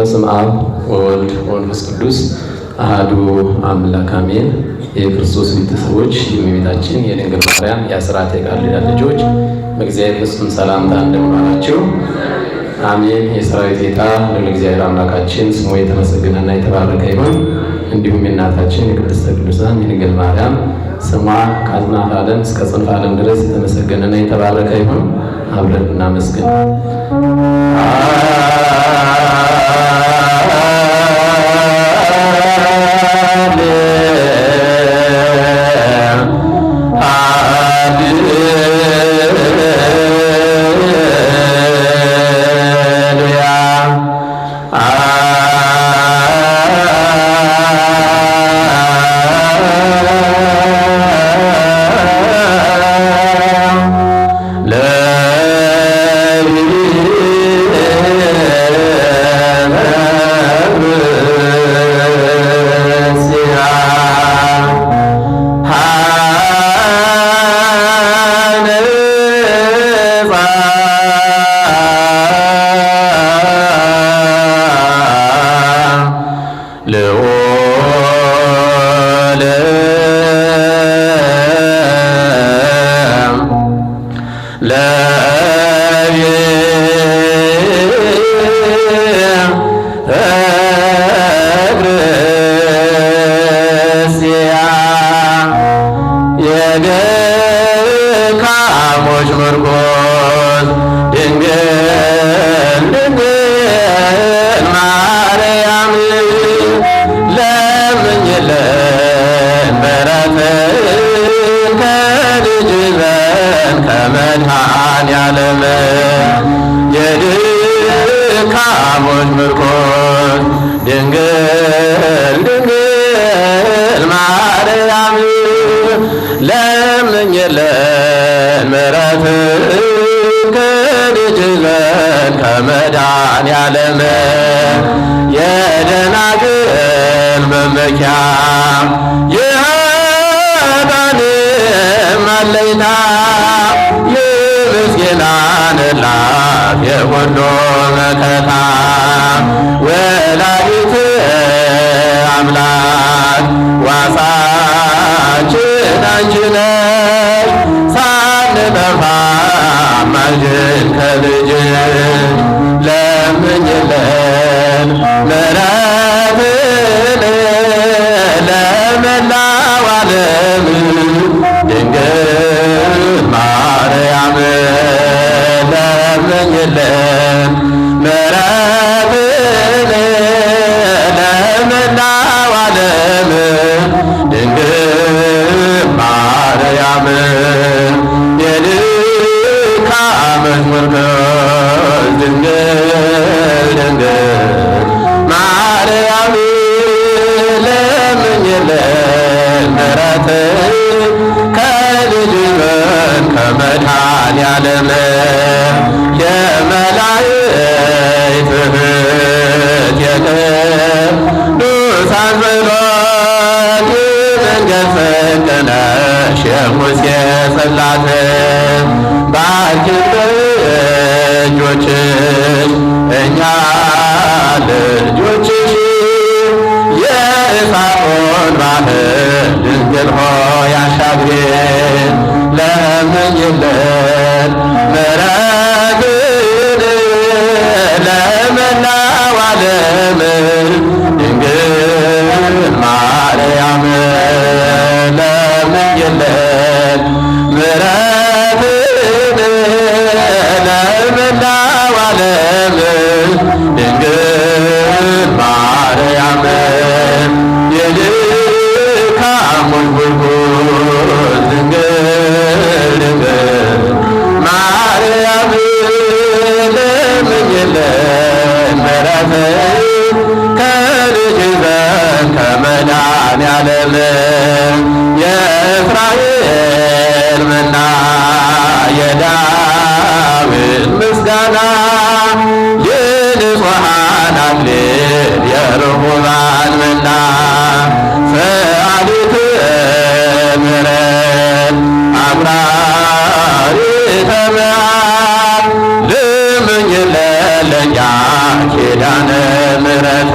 በስም አብ ወወልድ ወመንፈስ ቅዱስ አህዱ አምላክ አሜን። የክርስቶስ ቤተሰቦች የእመቤታችን የድንግል ማርያም የአስራት የቃል ኪዳን ልጆች በእግዚአብሔር ፍጹም ሰላምታ እንደምን ዋላችሁ? አሜን። የሰራዊት ጌታ ልዑል እግዚአብሔር አምላካችን ስሙ የተመሰገነና የተባረከ ይሁን። እንዲሁም የእናታችን የቅድስተ ቅዱሳን የድንግል ማርያም ስሟ ከአጽናፈ ዓለም እስከ ጽንፈ ዓለም ድረስ የተመሰገነና የተባረከ ይሁን። አብረን እናመስግን። የደካሞች ምርኮ ከመድሃን ዓለም የድካሞች ምርኮስ ድንግል ድንግል ማርያም ለምኝልን ምሕረት ክድጅለን ከመድኃኔ ዓለም የደናግል መመኪያ ይኸዳን መለይታ ኪዳንላት የወሎ መከታ ወላዲት አምላክ ዋሳችን አንቺ ነሽ ሳንጠፋ ማልጅን ከልጅን ለምኝለን ምሕረትን ለመላው ዓለም የለም ምሕረትን ለመላው ዓለም ድንግል ማርያም መዝሙር ነው። ሙሴ ጽላተ ባንቺ እኛ ልጆችሽ የእሳቱን ባህር ድንግል ሆይ ለምኝልን መድኃኔ ዓለም የእስራኤል መና የዳዊት ምስጋና የንጹሐን አክሊል የርኩማን መና ፈአሊተ ምሕረት አብራሪተ መዓት ልምኝለን ለእኛ ኪዳነ ምሕረት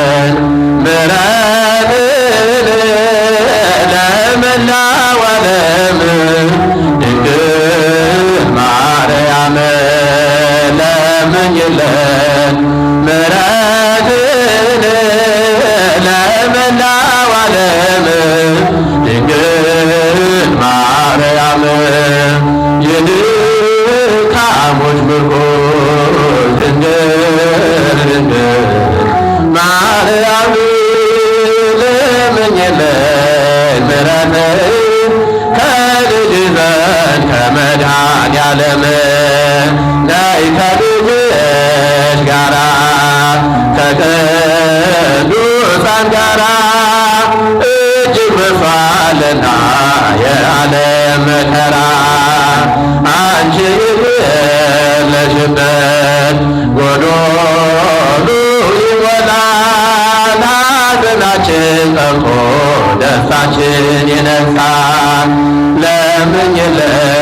ዓለም ከልጅ ዘንድ ከመድኃኔ ዓለም ነይ ከልጅሽ ጋራ ከቅዱሳን ጋራ እጅግ በሷልና የዓለም መከራ አንቺ የለሽበት ጎዶ ኃይላችን ጸንቶ ደስታችን